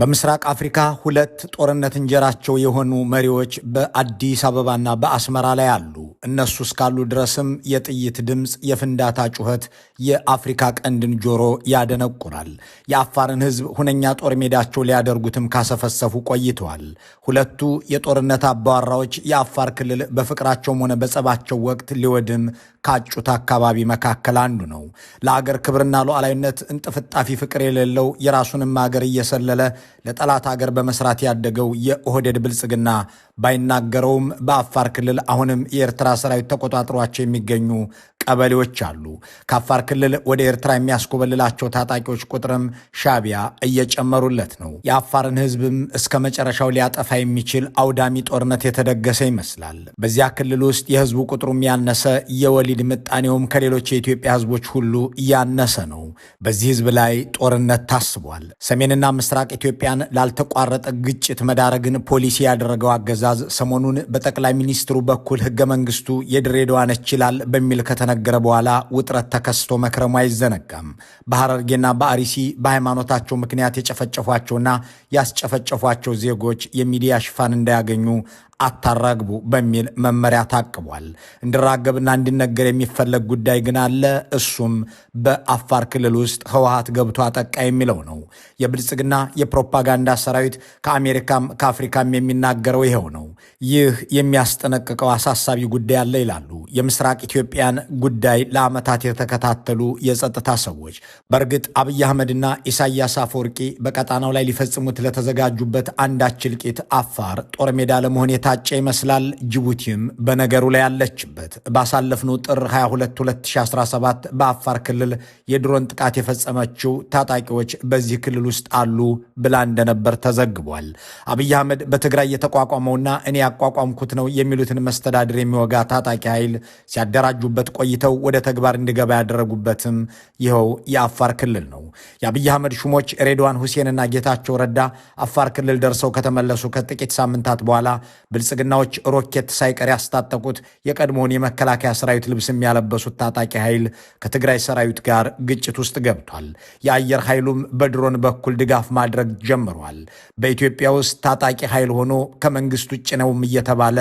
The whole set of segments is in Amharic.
በምስራቅ አፍሪካ ሁለት ጦርነት እንጀራቸው የሆኑ መሪዎች በአዲስ አበባና በአስመራ ላይ አሉ። እነሱ እስካሉ ድረስም የጥይት ድምፅ፣ የፍንዳታ ጩኸት የአፍሪካ ቀንድን ጆሮ ያደነቁራል። የአፋርን ሕዝብ ሁነኛ ጦር ሜዳቸው ሊያደርጉትም ካሰፈሰፉ ቆይተዋል። ሁለቱ የጦርነት አባራዎች የአፋር ክልል በፍቅራቸውም ሆነ በጸባቸው ወቅት ሊወድም ካጩት አካባቢ መካከል አንዱ ነው። ለአገር ክብርና ሉዓላዊነት እንጥፍጣፊ ፍቅር የሌለው የራሱንም አገር እየሰለለ ለጠላት አገር በመስራት ያደገው የኦህደድ ብልጽግና ባይናገረውም በአፋር ክልል አሁንም የኤርትራ ሰራዊት ተቆጣጥሯቸው የሚገኙ ቀበሌዎች አሉ። ከአፋር ክልል ወደ ኤርትራ የሚያስኮበልላቸው ታጣቂዎች ቁጥርም ሻቢያ እየጨመሩለት ነው። የአፋርን ህዝብም እስከ መጨረሻው ሊያጠፋ የሚችል አውዳሚ ጦርነት የተደገሰ ይመስላል። በዚያ ክልል ውስጥ የህዝቡ ቁጥሩም ያነሰ፣ የወሊድ ምጣኔውም ከሌሎች የኢትዮጵያ ህዝቦች ሁሉ ያነሰ ነው። በዚህ ህዝብ ላይ ጦርነት ታስቧል። ሰሜንና ምስራቅ ኢትዮጵያን ላልተቋረጠ ግጭት መዳረግን ፖሊሲ ያደረገው አገዛዝ ሰሞኑን በጠቅላይ ሚኒስትሩ በኩል ህገ መንግስቱ የድሬዳዋ ነች ይላል በሚል ከተነ ከተነገረ በኋላ ውጥረት ተከስቶ መክረሙ አይዘነጋም። በሐረርጌና በአሪሲ በሃይማኖታቸው ምክንያት የጨፈጨፏቸውና ያስጨፈጨፏቸው ዜጎች የሚዲያ ሽፋን እንዳያገኙ አታራግቡ በሚል መመሪያ ታቅቧል። እንዲራገብና እንዲነገር የሚፈለግ ጉዳይ ግን አለ። እሱም በአፋር ክልል ውስጥ ህወሓት ገብቶ አጠቃ የሚለው ነው። የብልጽግና የፕሮፓጋንዳ ሰራዊት ከአሜሪካም ከአፍሪካም የሚናገረው ይኸው ነው። ይህ የሚያስጠነቅቀው አሳሳቢ ጉዳይ አለ ይላሉ የምስራቅ ኢትዮጵያን ጉዳይ ለዓመታት የተከታተሉ የጸጥታ ሰዎች በእርግጥ አብይ አህመድና ኢሳያስ አፈወርቂ በቀጣናው ላይ ሊፈጽሙት ለተዘጋጁበት አንዳች እልቂት አፋር ጦር ሜዳ ለመሆን የታጨ ይመስላል። ጅቡቲም በነገሩ ላይ ያለችበት። ባሳለፍነው ጥር 22 2017 በአፋር ክልል የድሮን ጥቃት የፈጸመችው ታጣቂዎች በዚህ ክልል ውስጥ አሉ ብላ እንደነበር ተዘግቧል። አብይ አህመድ በትግራይ የተቋቋመውና እኔ ያቋቋምኩት ነው የሚሉትን መስተዳድር የሚወጋ ታጣቂ ኃይል ሲያደራጁበት ቆይ ቆይተው ወደ ተግባር እንዲገባ ያደረጉበትም ይኸው የአፋር ክልል ነው። የአብይ አህመድ ሹሞች ሬድዋን ሁሴንና ጌታቸው ረዳ አፋር ክልል ደርሰው ከተመለሱ ከጥቂት ሳምንታት በኋላ ብልጽግናዎች ሮኬት ሳይቀር ያስታጠቁት የቀድሞውን የመከላከያ ሰራዊት ልብስ የሚያለበሱት ታጣቂ ኃይል ከትግራይ ሰራዊት ጋር ግጭት ውስጥ ገብቷል። የአየር ኃይሉም በድሮን በኩል ድጋፍ ማድረግ ጀምሯል። በኢትዮጵያ ውስጥ ታጣቂ ኃይል ሆኖ ከመንግስት ውጭ ነውም እየተባለ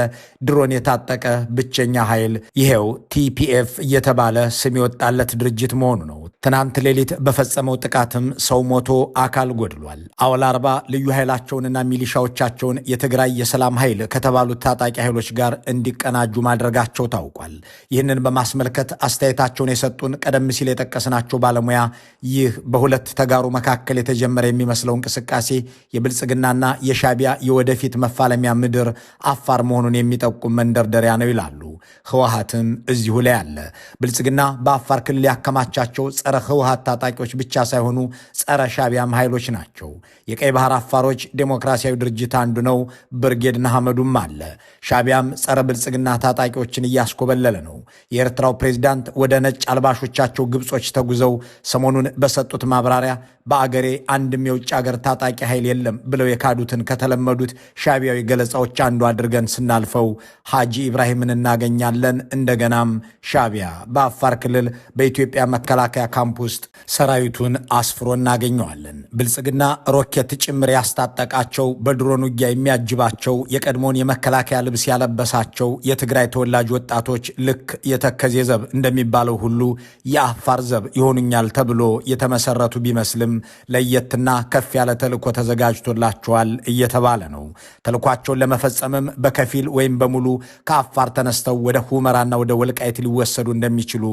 ድሮን የታጠቀ ብቸኛ ኃይል ይሄው ቲፒኤፍ እየተባለ ስም የወጣለት ድርጅት መሆኑ ነው። ትናንት ሌሊት በፈጸመው ጥቃትም ሰው ሞቶ አካል ጎድሏል። አውላ አርባ ልዩ ኃይላቸውንና ሚሊሻዎቻቸውን የትግራይ የሰላም ኃይል ከተባሉት ታጣቂ ኃይሎች ጋር እንዲቀናጁ ማድረጋቸው ታውቋል። ይህንን በማስመልከት አስተያየታቸውን የሰጡን ቀደም ሲል የጠቀስናቸው ባለሙያ ይህ በሁለት ተጋሩ መካከል የተጀመረ የሚመስለው እንቅስቃሴ የብልጽግናና የሻቢያ የወደፊት መፋለሚያ ምድር አፋር መሆኑን የሚጠቁም መንደርደሪያ ነው ይላሉ። ህወሀትም እዚሁ ላይ አለ። ብልጽግና በአፋር ክልል ያከማቻቸው ጸረ ህወሀት ታጣቂዎች ብቻ ሳይሆኑ ጸረ ሻቢያም ኃይሎች ናቸው። የቀይ ባህር አፋሮች ዴሞክራሲያዊ ድርጅት አንዱ ነው። ብርጌድ ንሓመዱም አለ። ሻቢያም ጸረ ብልጽግና ታጣቂዎችን እያስኮበለለ ነው። የኤርትራው ፕሬዚዳንት ወደ ነጭ አልባሾቻቸው ግብጾች ተጉዘው ሰሞኑን በሰጡት ማብራሪያ በአገሬ አንድም የውጭ አገር ታጣቂ ኃይል የለም ብለው የካዱትን ከተለመዱት ሻቢያዊ ገለጻዎች አንዱ አድርገን ስናልፈው ሐጂ ኢብራሂምን እናገኛለን። እንደገናም ሻቢያ በአፋር ክልል በኢትዮጵያ መከላከያ ካምፕ ውስጥ ሰራዊቱን አስፍሮ እናገኘዋለን። ብልጽግና ሮኬት ጭምር ያስታጠቃቸው፣ በድሮን ውጊያ የሚያጅባቸው፣ የቀድሞውን የመከላከያ ልብስ ያለበሳቸው የትግራይ ተወላጅ ወጣቶች ልክ የተከዜ ዘብ እንደሚባለው ሁሉ የአፋር ዘብ ይሆኑኛል ተብሎ የተመሰረቱ ቢመስልም ለየትና ከፍ ያለ ተልእኮ ተዘጋጅቶላቸዋል እየተባለ ነው። ተልኳቸውን ለመፈጸምም በከፊል ወይም በሙሉ ከአፋር ተነስተው ወደ ሁመራና ወደ ወልቃይት ሊወሰዱ እንደሚችሉ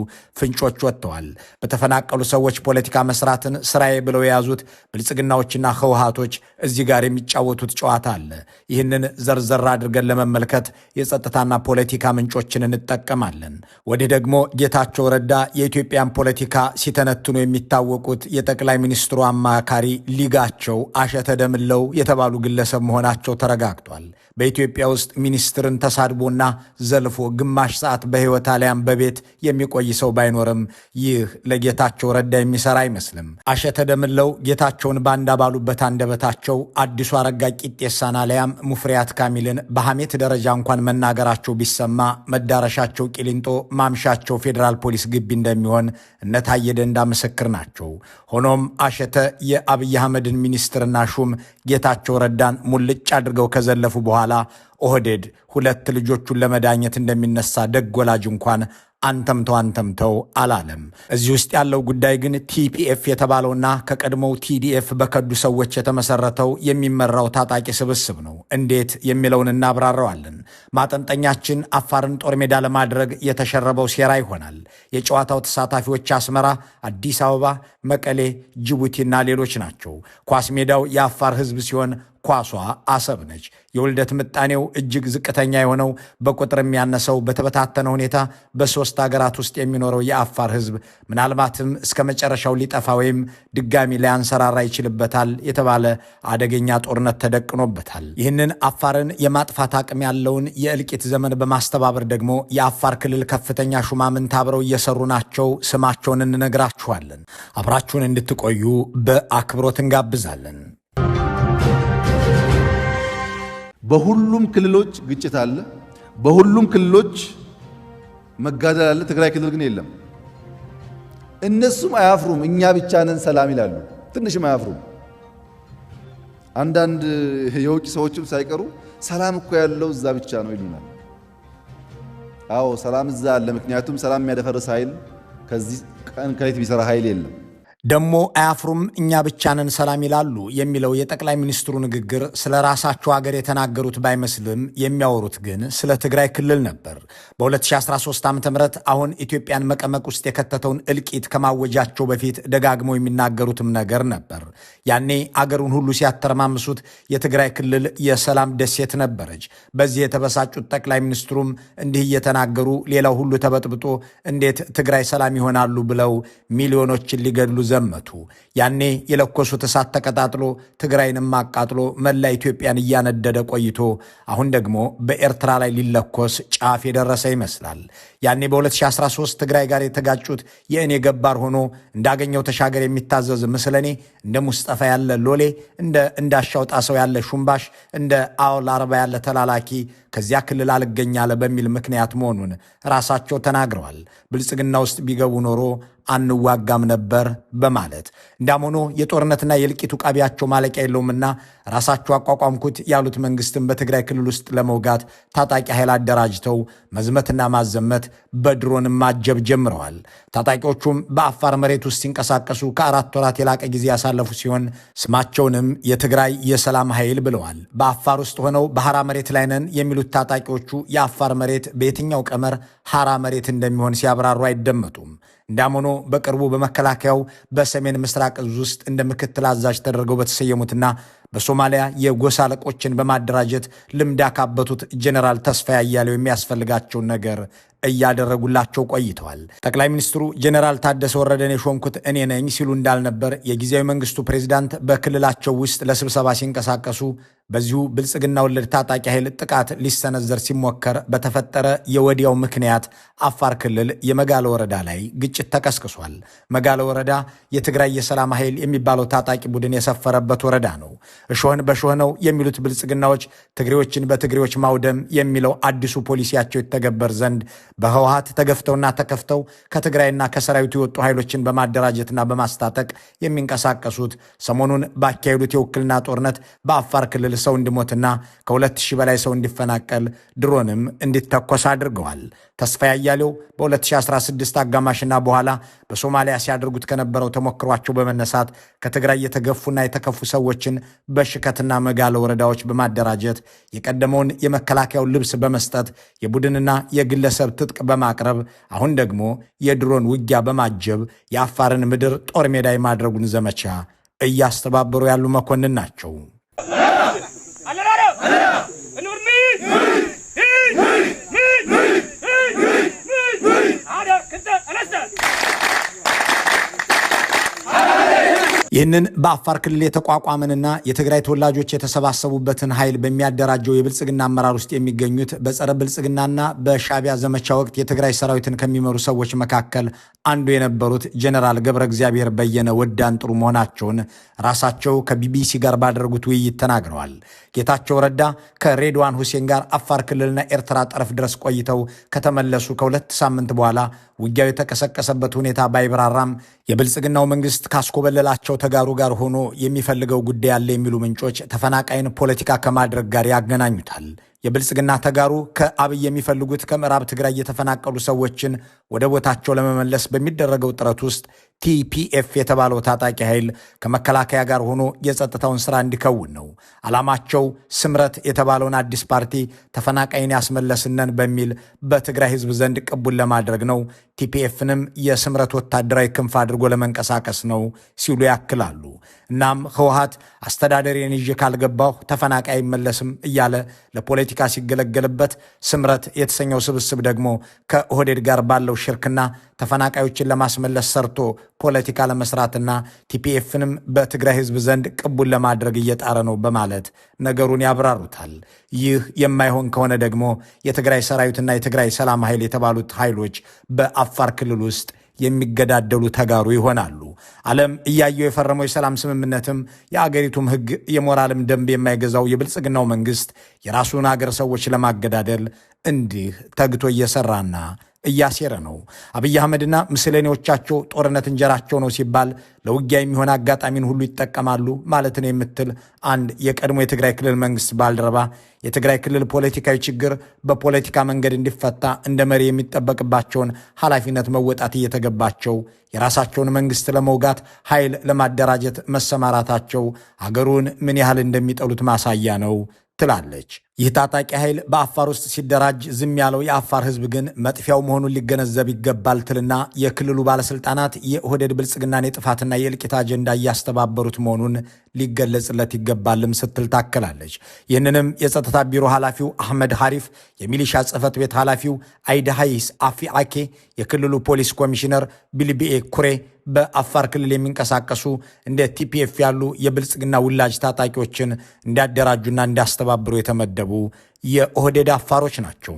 ፍንጮች ወጥተዋል። በተፈናቀሉ ሰዎች ፖለቲካ መስራትን ስራዬ ብለው የያዙት ብልጽግናዎችና ህውሃቶች እዚህ ጋር የሚጫወቱት ጨዋታ አለ። ይህንን ዘርዘር አድርገን ለመመልከት የጸጥታና ፖለቲካ ምንጮችን እንጠቀማለን። ወዲህ ደግሞ ጌታቸው ረዳ የኢትዮጵያን ፖለቲካ ሲተነትኑ የሚታወቁት የጠቅላይ ሚኒስትሩ ሚኒስትሩ አማካሪ ሊጋቸው አሸተ ደምለው የተባሉ ግለሰብ መሆናቸው ተረጋግጧል። በኢትዮጵያ ውስጥ ሚኒስትርን ተሳድቦና ዘልፎ ግማሽ ሰዓት በሕይወት አሊያም በቤት የሚቆይ ሰው ባይኖርም ይህ ለጌታቸው ረዳ የሚሰራ አይመስልም። አሸተ ደምለው ጌታቸውን ባንዳ ባሉበት አንደበታቸው አዲሱ አረጋ ቂጤሳን አሊያም ሙፍሪያት ካሚልን በሐሜት ደረጃ እንኳን መናገራቸው ቢሰማ መዳረሻቸው ቂሊንጦ ማምሻቸው ፌዴራል ፖሊስ ግቢ እንደሚሆን እነ ታየ ደንዳ ምስክር ናቸው። ሆኖም አሸ እያሸተ የአብይ አህመድን ሚኒስትርና ሹም ጌታቸው ረዳን ሙልጭ አድርገው ከዘለፉ በኋላ ኦህዴድ ሁለት ልጆቹን ለመዳኘት እንደሚነሳ ደግ ወላጅ እንኳን አንተምተው አንተምተው አላለም። እዚህ ውስጥ ያለው ጉዳይ ግን ቲፒኤፍ የተባለውና ከቀድሞው ቲዲኤፍ በከዱ ሰዎች የተመሰረተው የሚመራው ታጣቂ ስብስብ ነው። እንዴት የሚለውን እናብራረዋለን። ማጠንጠኛችን አፋርን ጦር ሜዳ ለማድረግ የተሸረበው ሴራ ይሆናል። የጨዋታው ተሳታፊዎች አስመራ፣ አዲስ አበባ፣ መቀሌ፣ ጅቡቲና ሌሎች ናቸው። ኳስ ሜዳው የአፋር ህዝብ ሲሆን ኳሷ አሰብ ነች። የውልደት ምጣኔው እጅግ ዝቅተኛ የሆነው በቁጥር የሚያነሰው በተበታተነ ሁኔታ በሦስት አገራት ውስጥ የሚኖረው የአፋር ሕዝብ ምናልባትም እስከ መጨረሻው ሊጠፋ ወይም ድጋሚ ሊያንሰራራ ይችልበታል የተባለ አደገኛ ጦርነት ተደቅኖበታል። ይህንን አፋርን የማጥፋት አቅም ያለውን የእልቂት ዘመን በማስተባበር ደግሞ የአፋር ክልል ከፍተኛ ሹማምንት አብረው እየሰሩ ናቸው። ስማቸውን እንነግራችኋለን። አብራችሁን እንድትቆዩ በአክብሮት እንጋብዛለን። በሁሉም ክልሎች ግጭት አለ። በሁሉም ክልሎች መጋደል አለ። ትግራይ ክልል ግን የለም። እነሱም አያፍሩም። እኛ ብቻ ነን ሰላም ይላሉ። ትንሽም አያፍሩም። አንዳንድ የውጭ ሰዎችም ሳይቀሩ ሰላም እኮ ያለው እዛ ብቻ ነው ይሉናል። አዎ ሰላም እዛ አለ። ምክንያቱም ሰላም የሚያደፈርስ ኃይል ከዚህ ቀን ከሌት የሚሰራ ኃይል የለም። ደሞ አያፍሩም እኛ ብቻንን ሰላም ይላሉ የሚለው የጠቅላይ ሚኒስትሩ ንግግር ስለ ራሳቸው ሀገር የተናገሩት ባይመስልም የሚያወሩት ግን ስለ ትግራይ ክልል ነበር። በ2013 ዓ ም አሁን ኢትዮጵያን መቀመቅ ውስጥ የከተተውን እልቂት ከማወጃቸው በፊት ደጋግመው የሚናገሩትም ነገር ነበር። ያኔ አገሩን ሁሉ ሲያተረማምሱት የትግራይ ክልል የሰላም ደሴት ነበረች። በዚህ የተበሳጩት ጠቅላይ ሚኒስትሩም እንዲህ እየተናገሩ ሌላው ሁሉ ተበጥብጦ እንዴት ትግራይ ሰላም ይሆናሉ ብለው ሚሊዮኖችን ሊገድሉ ዘመቱ። ያኔ የለኮሱት እሳት ተቀጣጥሎ ትግራይንም አቃጥሎ መላ ኢትዮጵያን እያነደደ ቆይቶ አሁን ደግሞ በኤርትራ ላይ ሊለኮስ ጫፍ የደረሰ ይመስላል። ያኔ በ2013 ትግራይ ጋር የተጋጩት የእኔ ገባር ሆኖ እንዳገኘው ተሻገር የሚታዘዝ ምስለኔ፣ እንደ ሙስጠፋ ያለ ሎሌ፣ እንደ እንዳሻው ጣሰው ያለ ሹምባሽ፣ እንደ አውል አርባ ያለ ተላላኪ ከዚያ ክልል አልገኛለ በሚል ምክንያት መሆኑን ራሳቸው ተናግረዋል። ብልጽግና ውስጥ ቢገቡ ኖሮ አንዋጋም ነበር በማለት እንዲያም ሆኖ የጦርነትና የእልቂቱ ቃቢያቸው ማለቂያ የለውምና ራሳቸው አቋቋምኩት ያሉት መንግስትን በትግራይ ክልል ውስጥ ለመውጋት ታጣቂ ኃይል አደራጅተው መዝመትና ማዘመት በድሮን ማጀብ ጀምረዋል። ታጣቂዎቹም በአፋር መሬት ውስጥ ሲንቀሳቀሱ ከአራት ወራት የላቀ ጊዜ ያሳለፉ ሲሆን ስማቸውንም የትግራይ የሰላም ኃይል ብለዋል። በአፋር ውስጥ ሆነው በሐራ መሬት ላይ ነን የሚሉ የሚሉት ታጣቂዎቹ የአፋር መሬት በየትኛው ቀመር ሐራ መሬት እንደሚሆን ሲያብራሩ አይደመጡም። እንዳም ሆኖ በቅርቡ በመከላከያው በሰሜን ምስራቅ እዝ ውስጥ እንደ ምክትል አዛዥ ተደርገው በተሰየሙትና በሶማሊያ የጎሳ አለቆችን በማደራጀት ልምድ ያካበቱት ጀኔራል ተስፋዬ አያሌው የሚያስፈልጋቸውን ነገር እያደረጉላቸው ቆይተዋል። ጠቅላይ ሚኒስትሩ ጀኔራል ታደሰ ወረደን የሾምኩት እኔ ነኝ ሲሉ እንዳልነበር የጊዜያዊ መንግስቱ ፕሬዚዳንት በክልላቸው ውስጥ ለስብሰባ ሲንቀሳቀሱ በዚሁ ብልጽግና ወለድ ታጣቂ ኃይል ጥቃት ሊሰነዘር ሲሞከር በተፈጠረ የወዲያው ምክንያት አፋር ክልል የመጋለ ወረዳ ላይ ግጭ ግጭት ተቀስቅሷል። መጋለ ወረዳ የትግራይ የሰላም ኃይል የሚባለው ታጣቂ ቡድን የሰፈረበት ወረዳ ነው። እሾህን በሾህ ነው የሚሉት ብልጽግናዎች ትግሬዎችን በትግሬዎች ማውደም የሚለው አዲሱ ፖሊሲያቸው ይተገበር ዘንድ በህወሀት ተገፍተውና ተከፍተው ከትግራይና ከሰራዊቱ የወጡ ኃይሎችን በማደራጀትና በማስታጠቅ የሚንቀሳቀሱት ሰሞኑን ባካሄዱት የውክልና ጦርነት በአፋር ክልል ሰው እንዲሞትና ከሁለት ሺህ በላይ ሰው እንዲፈናቀል ድሮንም እንዲተኮስ አድርገዋል። ተስፋ ያያሌው በ2016 አጋማሽና በኋላ በሶማሊያ ሲያደርጉት ከነበረው ተሞክሯቸው በመነሳት ከትግራይ የተገፉና የተከፉ ሰዎችን በሽከትና መጋለ ወረዳዎች በማደራጀት የቀደመውን የመከላከያው ልብስ በመስጠት የቡድንና የግለሰብ ትጥቅ በማቅረብ አሁን ደግሞ የድሮን ውጊያ በማጀብ የአፋርን ምድር ጦር ሜዳ የማድረጉን ዘመቻ እያስተባበሩ ያሉ መኮንን ናቸው። ይህንን በአፋር ክልል የተቋቋመንና የትግራይ ተወላጆች የተሰባሰቡበትን ኃይል በሚያደራጀው የብልጽግና አመራር ውስጥ የሚገኙት በጸረ ብልጽግናና በሻቢያ ዘመቻ ወቅት የትግራይ ሰራዊትን ከሚመሩ ሰዎች መካከል አንዱ የነበሩት ጀኔራል ገብረ እግዚአብሔር በየነ ወዳን ጥሩ መሆናቸውን ራሳቸው ከቢቢሲ ጋር ባደረጉት ውይይት ተናግረዋል። ጌታቸው ረዳ ከሬድዋን ሁሴን ጋር አፋር ክልልና ኤርትራ ጠረፍ ድረስ ቆይተው ከተመለሱ ከሁለት ሳምንት በኋላ ውጊያው የተቀሰቀሰበት ሁኔታ ባይብራራም የብልጽግናው መንግስት ካስኮበለላቸው ተጋሩ ጋር ሆኖ የሚፈልገው ጉዳይ አለ የሚሉ ምንጮች ተፈናቃይን ፖለቲካ ከማድረግ ጋር ያገናኙታል። የብልጽግና ተጋሩ ከአብይ የሚፈልጉት ከምዕራብ ትግራይ የተፈናቀሉ ሰዎችን ወደ ቦታቸው ለመመለስ በሚደረገው ጥረት ውስጥ ቲፒኤፍ የተባለው ታጣቂ ኃይል ከመከላከያ ጋር ሆኖ የጸጥታውን ስራ እንዲከውን ነው። ዓላማቸው ስምረት የተባለውን አዲስ ፓርቲ ተፈናቃይን ያስመለስነን በሚል በትግራይ ህዝብ ዘንድ ቅቡን ለማድረግ ነው። ቲፒኤፍንም የስምረት ወታደራዊ ክንፍ አድርጎ ለመንቀሳቀስ ነው ሲሉ ያክላሉ። እናም ህወሓት አስተዳደሬን ይዤ ካልገባሁ ተፈናቃይ አይመለስም እያለ ለፖለቲ ፖለቲካ ሲገለገልበት፣ ስምረት የተሰኘው ስብስብ ደግሞ ከኦህዴድ ጋር ባለው ሽርክና ተፈናቃዮችን ለማስመለስ ሰርቶ ፖለቲካ ለመስራትና ቲፒኤፍንም በትግራይ ህዝብ ዘንድ ቅቡን ለማድረግ እየጣረ ነው በማለት ነገሩን ያብራሩታል። ይህ የማይሆን ከሆነ ደግሞ የትግራይ ሰራዊትና የትግራይ ሰላም ኃይል የተባሉት ኃይሎች በአፋር ክልል ውስጥ የሚገዳደሉ ተጋሩ ይሆናሉ። ዓለም እያየው የፈረመው የሰላም ስምምነትም የአገሪቱም ሕግ የሞራልም ደንብ የማይገዛው የብልጽግናው መንግሥት የራሱን አገር ሰዎች ለማገዳደል እንዲህ ተግቶ እየሰራና እያሴረ ነው። አብይ አህመድና ምስለኔዎቻቸው ጦርነት እንጀራቸው ነው ሲባል ለውጊያ የሚሆን አጋጣሚን ሁሉ ይጠቀማሉ ማለት ነው የምትል አንድ የቀድሞ የትግራይ ክልል መንግስት ባልደረባ የትግራይ ክልል ፖለቲካዊ ችግር በፖለቲካ መንገድ እንዲፈታ እንደ መሪ የሚጠበቅባቸውን ኃላፊነት መወጣት እየተገባቸው የራሳቸውን መንግስት ለመውጋት ኃይል ለማደራጀት መሰማራታቸው አገሩን ምን ያህል እንደሚጠሉት ማሳያ ነው ትላለች። ይህ ታጣቂ ኃይል በአፋር ውስጥ ሲደራጅ ዝም ያለው የአፋር ህዝብ ግን መጥፊያው መሆኑን ሊገነዘብ ይገባል ትልና የክልሉ ባለስልጣናት የኦህዴድ ብልጽግናን የጥፋትና የእልቂት አጀንዳ እያስተባበሩት መሆኑን ሊገለጽለት ይገባልም ስትል ታከላለች። ይህንንም የጸጥታ ቢሮ ኃላፊው አህመድ ሐሪፍ፣ የሚሊሻ ጽህፈት ቤት ኃላፊው አይደሃይስ አፊ አኬ፣ የክልሉ ፖሊስ ኮሚሽነር ቢልቢኤ ኩሬ በአፋር ክልል የሚንቀሳቀሱ እንደ ቲፒኤፍ ያሉ የብልጽግና ውላጅ ታጣቂዎችን እንዲያደራጁና እንዲያስተባብሩ የተመደቡ የኦህዴድ አፋሮች ናቸው።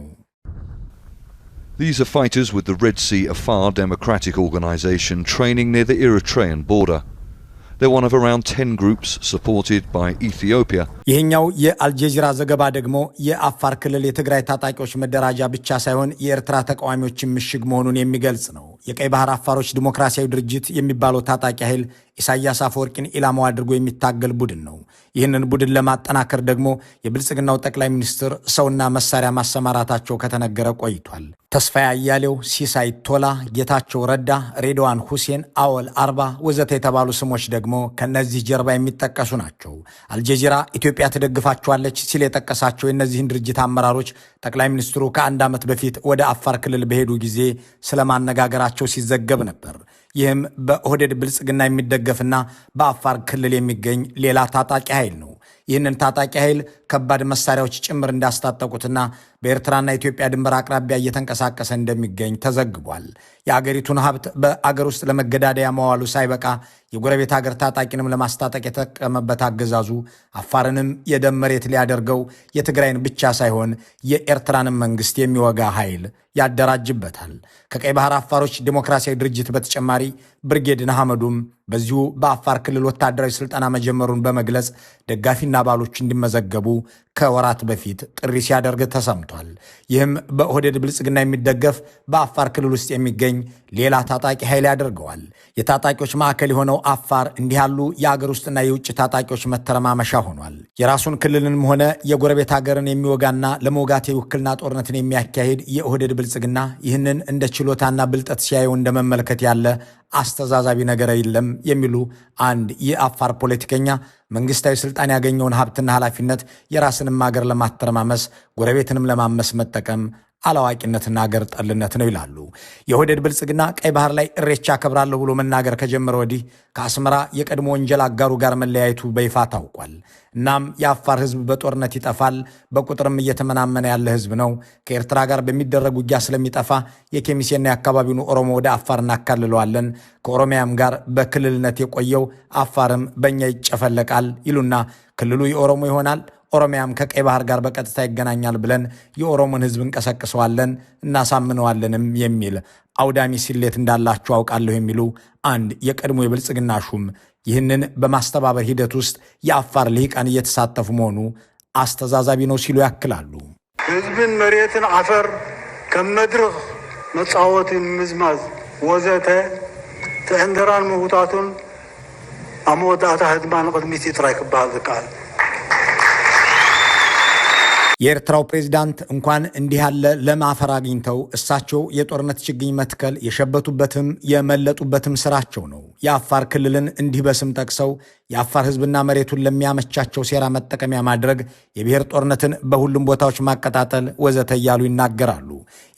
These are fighters with the Red Sea Afar Democratic Organization training near the Eritrean border. They're one of around 10 groups supported by Ethiopia. ይህኛው የአልጀዚራ ዘገባ ደግሞ የአፋር ክልል የትግራይ ታጣቂዎች መደራጃ ብቻ ሳይሆን የኤርትራ ተቃዋሚዎችን ምሽግ መሆኑን የሚገልጽ ነው። የቀይ ባህር አፋሮች ዲሞክራሲያዊ ድርጅት የሚባለው ታጣቂ ኃይል ኢሳያስ አፈወርቂን ኢላማው አድርጎ የሚታገል ቡድን ነው። ይህንን ቡድን ለማጠናከር ደግሞ የብልጽግናው ጠቅላይ ሚኒስትር ሰውና መሳሪያ ማሰማራታቸው ከተነገረ ቆይቷል። ተስፋዬ አያሌው፣ ሲሳይ ቶላ፣ ጌታቸው ረዳ፣ ሬድዋን ሁሴን፣ አወል አርባ ወዘተ የተባሉ ስሞች ደግሞ ከእነዚህ ጀርባ የሚጠቀሱ ናቸው። አልጀዚራ ኢትዮጵያ ትደግፋቸዋለች ሲል የጠቀሳቸው የእነዚህን ድርጅት አመራሮች ጠቅላይ ሚኒስትሩ ከአንድ ዓመት በፊት ወደ አፋር ክልል በሄዱ ጊዜ ስለማነጋገራቸው ሲዘገብ ነበር። ይህም በኦህዴድ ብልጽግና የሚደግ የሚደገፍና በአፋር ክልል የሚገኝ ሌላ ታጣቂ ኃይል ነው። ይህንን ታጣቂ ኃይል ከባድ መሳሪያዎች ጭምር እንዳስታጠቁትና በኤርትራና ኢትዮጵያ ድንበር አቅራቢያ እየተንቀሳቀሰ እንደሚገኝ ተዘግቧል። የአገሪቱን ሀብት በአገር ውስጥ ለመገዳደያ መዋሉ ሳይበቃ የጎረቤት ሀገር ታጣቂንም ለማስታጠቅ የተጠቀመበት አገዛዙ አፋርንም የደም መሬት ሊያደርገው የትግራይን ብቻ ሳይሆን የኤርትራንም መንግስት የሚወጋ ኃይል ያደራጅበታል። ከቀይ ባህር አፋሮች ዲሞክራሲያዊ ድርጅት በተጨማሪ ብርጌድ ንሓመዱም በዚሁ በአፋር ክልል ወታደራዊ ስልጠና መጀመሩን በመግለጽ ደጋፊና አባሎች እንዲመዘገቡ ከወራት በፊት ጥሪ ሲያደርግ ተሰምቷል። ይህም በኦህዴድ ብልጽግና የሚደገፍ በአፋር ክልል ውስጥ የሚገኝ ሌላ ታጣቂ ኃይል ያደርገዋል። የታጣቂዎች ማዕከል የሆነው አፋር እንዲህ ያሉ የአገር ውስጥና የውጭ ታጣቂዎች መተረማመሻ ሆኗል። የራሱን ክልልንም ሆነ የጎረቤት ሀገርን የሚወጋና ለመውጋት የውክልና ጦርነትን የሚያካሂድ የኦህዴድ ብልጽግና ይህንን እንደ ችሎታና ብልጠት ሲያየው እንደመመልከት ያለ አስተዛዛቢ ነገር የለም የሚሉ አንድ የአፋር ፖለቲከኛ መንግስታዊ ስልጣን ያገኘውን ሀብትና ኃላፊነት የራስንም ሀገር ለማተረማመስ ጎረቤትንም ለማመስ መጠቀም አላዋቂነትና ሀገር ጠልነት ነው ይላሉ። የወደድ ብልጽግና ቀይ ባህር ላይ እሬቻ አከብራለሁ ብሎ መናገር ከጀመረ ወዲህ ከአስመራ የቀድሞ ወንጀል አጋሩ ጋር መለያየቱ በይፋ ታውቋል። እናም የአፋር ህዝብ በጦርነት ይጠፋል፣ በቁጥርም እየተመናመነ ያለ ህዝብ ነው። ከኤርትራ ጋር በሚደረግ ውጊያ ስለሚጠፋ የኬሚሴና የአካባቢውን ኦሮሞ ወደ አፋር እናካልለዋለን፣ ከኦሮሚያም ጋር በክልልነት የቆየው አፋርም በእኛ ይጨፈለቃል ይሉና ክልሉ የኦሮሞ ይሆናል ኦሮሚያም ከቀይ ባህር ጋር በቀጥታ ይገናኛል ብለን የኦሮሞን ህዝብ እንቀሰቅሰዋለን እናሳምነዋለንም የሚል አውዳሚ ሲሌት እንዳላችሁ አውቃለሁ የሚሉ አንድ የቀድሞ የብልጽግና ሹም ይህንን በማስተባበር ሂደት ውስጥ የአፋር ልሂቃን እየተሳተፉ መሆኑ አስተዛዛቢ ነው ሲሉ ያክላሉ። ህዝብን፣ መሬትን፣ አፈር ከመድረኽ መጻወትን፣ ምዝማዝ ወዘተ ትዕንደራን ምሁታቱን ኣብ መወዳእታ ህድማ ንቅድሚት ጥራይ ክበሃል ዝከኣል የኤርትራው ፕሬዚዳንት እንኳን እንዲህ ያለ ለም አፈር አግኝተው እሳቸው የጦርነት ችግኝ መትከል የሸበቱበትም የመለጡበትም ስራቸው ነው። የአፋር ክልልን እንዲህ በስም ጠቅሰው የአፋር ሕዝብና መሬቱን ለሚያመቻቸው ሴራ መጠቀሚያ ማድረግ፣ የብሔር ጦርነትን በሁሉም ቦታዎች ማቀጣጠል ወዘተ እያሉ ይናገራሉ።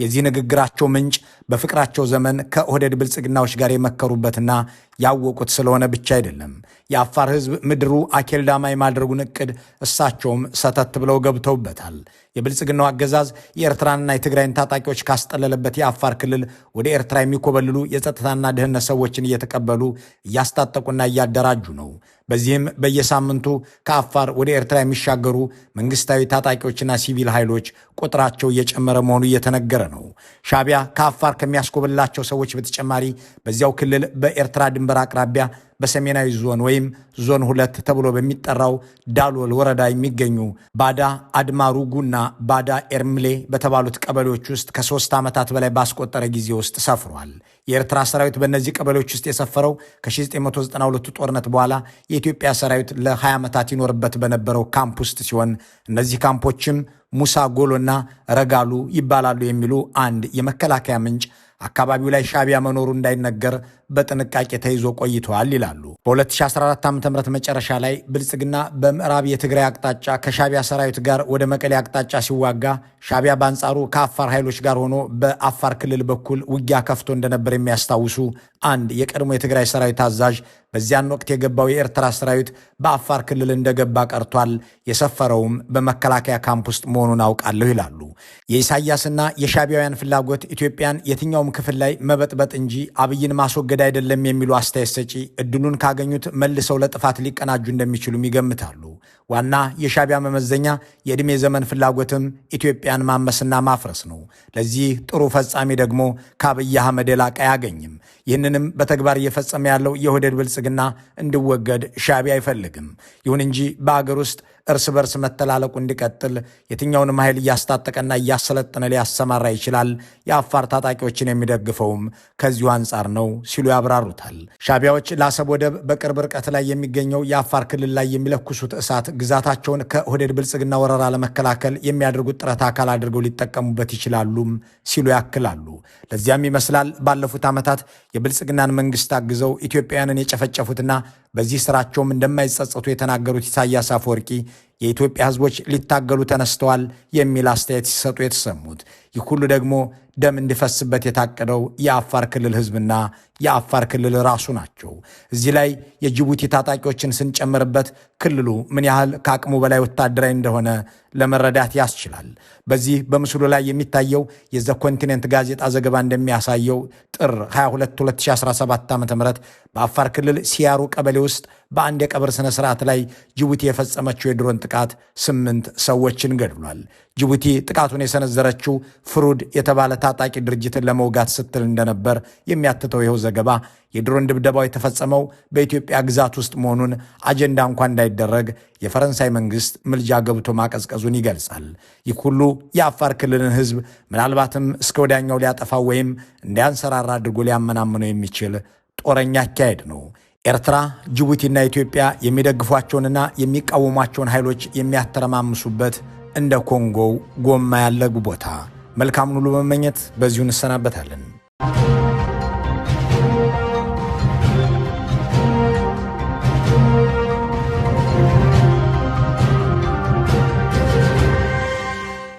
የዚህ ንግግራቸው ምንጭ በፍቅራቸው ዘመን ከኦህዴድ ብልጽግናዎች ጋር የመከሩበትና ያወቁት ስለሆነ ብቻ አይደለም። የአፋር ህዝብ ምድሩ አኬልዳማ የማድረጉን እቅድ እሳቸውም ሰተት ብለው ገብተውበታል። የብልጽግናው አገዛዝ የኤርትራንና የትግራይን ታጣቂዎች ካስጠለለበት የአፋር ክልል ወደ ኤርትራ የሚኮበልሉ የጸጥታና ደህንነት ሰዎችን እየተቀበሉ እያስታጠቁና እያደራጁ ነው። በዚህም በየሳምንቱ ከአፋር ወደ ኤርትራ የሚሻገሩ መንግስታዊ ታጣቂዎችና ሲቪል ኃይሎች ቁጥራቸው እየጨመረ መሆኑ እየተነገረ ነው። ሻቢያ ከአፋር ከሚያስኮበልላቸው ሰዎች በተጨማሪ በዚያው ክልል በኤርትራ ድንበር አቅራቢያ በሰሜናዊ ዞን ወይም ዞን ሁለት ተብሎ በሚጠራው ዳሎል ወረዳ የሚገኙ ባዳ አድማሩጉና ባዳ ኤርምሌ በተባሉት ቀበሌዎች ውስጥ ከሶስት ዓመታት በላይ ባስቆጠረ ጊዜ ውስጥ ሰፍሯል። የኤርትራ ሰራዊት በእነዚህ ቀበሌዎች ውስጥ የሰፈረው ከ1992 ጦርነት በኋላ የኢትዮጵያ ሰራዊት ለ20 ዓመታት ይኖርበት በነበረው ካምፕ ውስጥ ሲሆን እነዚህ ካምፖችም ሙሳ ጎሎና ረጋሉ ይባላሉ የሚሉ አንድ የመከላከያ ምንጭ አካባቢው ላይ ሻቢያ መኖሩ እንዳይነገር በጥንቃቄ ተይዞ ቆይተዋል ይላሉ። በ2014 ዓ ም መጨረሻ ላይ ብልጽግና በምዕራብ የትግራይ አቅጣጫ ከሻቢያ ሰራዊት ጋር ወደ መቀሌ አቅጣጫ ሲዋጋ፣ ሻቢያ በአንጻሩ ከአፋር ኃይሎች ጋር ሆኖ በአፋር ክልል በኩል ውጊያ ከፍቶ እንደነበር የሚያስታውሱ አንድ የቀድሞ የትግራይ ሰራዊት አዛዥ በዚያን ወቅት የገባው የኤርትራ ሰራዊት በአፋር ክልል እንደገባ ቀርቷል፣ የሰፈረውም በመከላከያ ካምፕ ውስጥ መሆኑን አውቃለሁ ይላሉ። የኢሳያስና የሻቢያውያን ፍላጎት ኢትዮጵያን የትኛውም ክፍል ላይ መበጥበጥ እንጂ አብይን ማስወገድ መንገድ አይደለም የሚሉ አስተያየት ሰጪ እድሉን ካገኙት መልሰው ለጥፋት ሊቀናጁ እንደሚችሉም ይገምታሉ። ዋና የሻቢያ መመዘኛ የዕድሜ ዘመን ፍላጎትም ኢትዮጵያን ማመስና ማፍረስ ነው። ለዚህ ጥሩ ፈጻሚ ደግሞ ከአብይ አህመድ የላቀ አያገኝም። ይህንንም በተግባር እየፈጸመ ያለው የወደድ ብልጽግና እንዲወገድ ሻቢያ አይፈልግም። ይሁን እንጂ በአገር ውስጥ እርስ በርስ መተላለቁ እንዲቀጥል የትኛውንም ኃይል እያስታጠቀና እያሰለጠነ ሊያሰማራ ይችላል። የአፋር ታጣቂዎችን የሚደግፈውም ከዚሁ አንጻር ነው ሲሉ ያብራሩታል። ሻቢያዎች ለአሰብ ወደብ በቅርብ ርቀት ላይ የሚገኘው የአፋር ክልል ላይ የሚለኩሱት እሳት ግዛታቸውን ከኦህዴድ ብልጽግና ወረራ ለመከላከል የሚያደርጉት ጥረት አካል አድርገው ሊጠቀሙበት ይችላሉም ሲሉ ያክላሉ። ለዚያም ይመስላል ባለፉት ዓመታት የብልጽግናን መንግስት አግዘው ኢትዮጵያውያንን የጨፈጨፉትና በዚህ ስራቸውም እንደማይጸጸቱ የተናገሩት ኢሳያስ አፈወርቂ የኢትዮጵያ ህዝቦች ሊታገሉ ተነስተዋል የሚል አስተያየት ሲሰጡ የተሰሙት ይህ ሁሉ ደግሞ ደም እንዲፈስበት የታቀደው የአፋር ክልል ህዝብና የአፋር ክልል ራሱ ናቸው። እዚህ ላይ የጅቡቲ ታጣቂዎችን ስንጨምርበት ክልሉ ምን ያህል ከአቅሙ በላይ ወታደራዊ እንደሆነ ለመረዳት ያስችላል። በዚህ በምስሉ ላይ የሚታየው የዘ ኮንቲኔንት ጋዜጣ ዘገባ እንደሚያሳየው ጥር 22 2017 ዓ ም በአፋር ክልል ሲያሩ ቀበሌ ውስጥ በአንድ የቀብር ስነ ስርዓት ላይ ጅቡቲ የፈጸመችው የድሮን ጥቃት ስምንት ሰዎችን ገድሏል። ጅቡቲ ጥቃቱን የሰነዘረችው ፍሩድ የተባለ ታጣቂ ድርጅትን ለመውጋት ስትል እንደነበር የሚያትተው ይኸው ዘገባ የድሮን ድብደባው የተፈጸመው በኢትዮጵያ ግዛት ውስጥ መሆኑን አጀንዳ እንኳ እንዳይደረግ የፈረንሳይ መንግስት ምልጃ ገብቶ ማቀዝቀዙን ይገልጻል። ይህ ሁሉ የአፋር ክልልን ህዝብ ምናልባትም እስከ ወዲያኛው ሊያጠፋው ወይም እንዲያንሰራራ አድርጎ ሊያመናምነው የሚችል ጦረኛ አካሄድ ነው። ኤርትራ፣ ጅቡቲና ኢትዮጵያ የሚደግፏቸውንና የሚቃወሟቸውን ኃይሎች የሚያተረማምሱበት እንደ ኮንጎው ጎማ ያለጉ ቦታ። መልካሙን ሁሉ በመመኘት በዚሁ እንሰናበታለን።